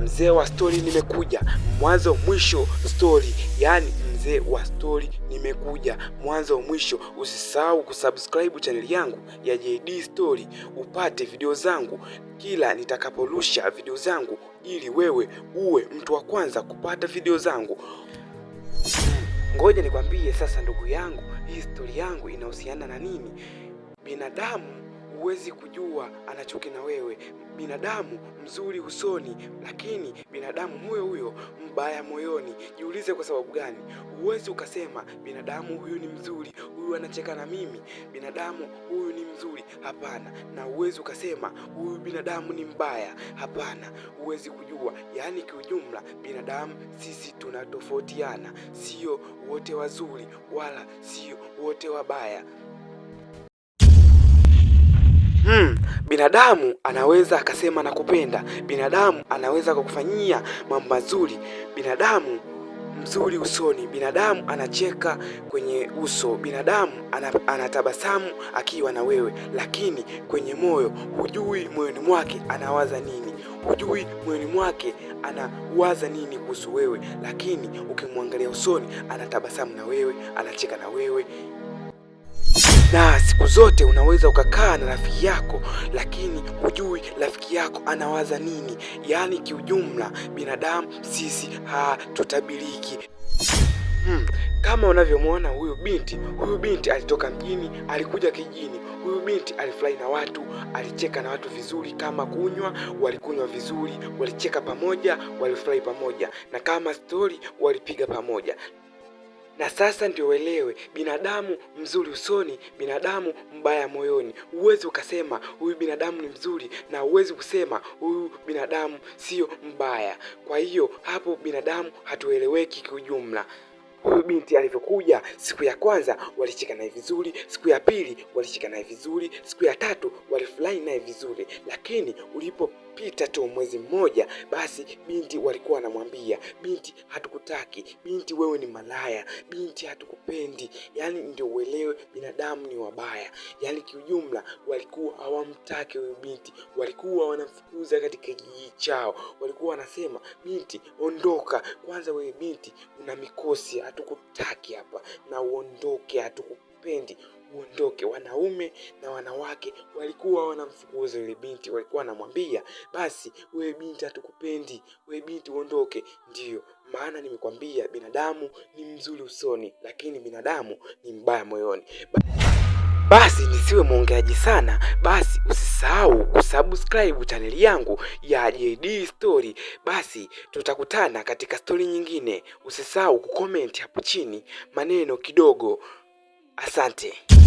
Mzee wa Stori Nimekuja, mwanzo mwisho stori, yaani Mzee wa Stori Nimekuja, mwanzo mwisho. Usisahau kusubscribe chaneli yangu ya JD Story upate video zangu kila nitakaporusha video zangu, ili wewe uwe mtu wa kwanza kupata video zangu. Ngoja nikwambie sasa, ndugu yangu, hii stori yangu inahusiana na nini? Binadamu huwezi kujua chuki na wewe. Binadamu mzuri usoni, lakini binadamu huyo huyo mbaya moyoni. Jiulize kwa sababu gani? Huwezi ukasema binadamu huyu ni mzuri, huyu anacheka na mimi, binadamu huyu ni mzuri. Hapana. Na huwezi ukasema huyu binadamu ni mbaya. Hapana, huwezi kujua. Yaani kiujumla, binadamu sisi tunatofautiana, sio wote wazuri wala sio wote wabaya hmm, binadamu anaweza akasema nakupenda, binadamu anaweza kukufanyia mambo mazuri, binadamu mzuri usoni, binadamu anacheka kwenye uso, binadamu anatabasamu akiwa na wewe, lakini kwenye moyo hujui moyoni mwake anawaza nini, hujui moyoni mwake anawaza nini kuhusu wewe, lakini ukimwangalia usoni anatabasamu na wewe, anacheka na wewe na siku zote unaweza ukakaa na rafiki yako, lakini hujui rafiki yako anawaza nini. Yaani kiujumla, binadamu sisi hatutabiriki. Hmm, kama unavyomwona huyu binti, huyu binti alitoka mjini, alikuja kijini Huyu binti alifurahi na watu, alicheka na watu vizuri, kama kunywa, walikunywa vizuri, walicheka pamoja, walifurahi pamoja, na kama stori walipiga pamoja na sasa ndio uelewe, binadamu mzuri usoni, binadamu mbaya moyoni. Huwezi ukasema huyu binadamu ni mzuri, na huwezi kusema huyu binadamu sio mbaya. Kwa hiyo hapo binadamu hatueleweki kiujumla. Huyu binti alivyokuja siku ya kwanza walishika naye vizuri, siku ya pili walishika naye vizuri, siku ya tatu walifurahi naye vizuri, lakini ulipo Umepita tu mwezi mmoja, basi binti walikuwa wanamwambia binti, hatukutaki binti, wewe ni malaya binti, hatukupendi. Yani ndio uelewe binadamu ni wabaya. Yani kiujumla, walikuwa hawamtaki huyu binti, walikuwa wanamfukuza katika kijiji chao, walikuwa wanasema binti, ondoka kwanza, wewe binti una mikosi, hatukutaki hapa na uondoke, hatukupendi uondoke. Wanaume na wanawake walikuwa wanamfukuza yule binti, walikuwa wanamwambia basi, wewe binti, hatukupendi wewe binti, uondoke. Ndiyo maana nimekwambia binadamu ni mzuri usoni, lakini binadamu ni mbaya moyoni. Basi nisiwe mwongeaji sana, basi usisahau kusubscribe chaneli yangu ya JD Story. Basi tutakutana katika stori nyingine. Usisahau kukomenti hapo chini maneno kidogo. Asante.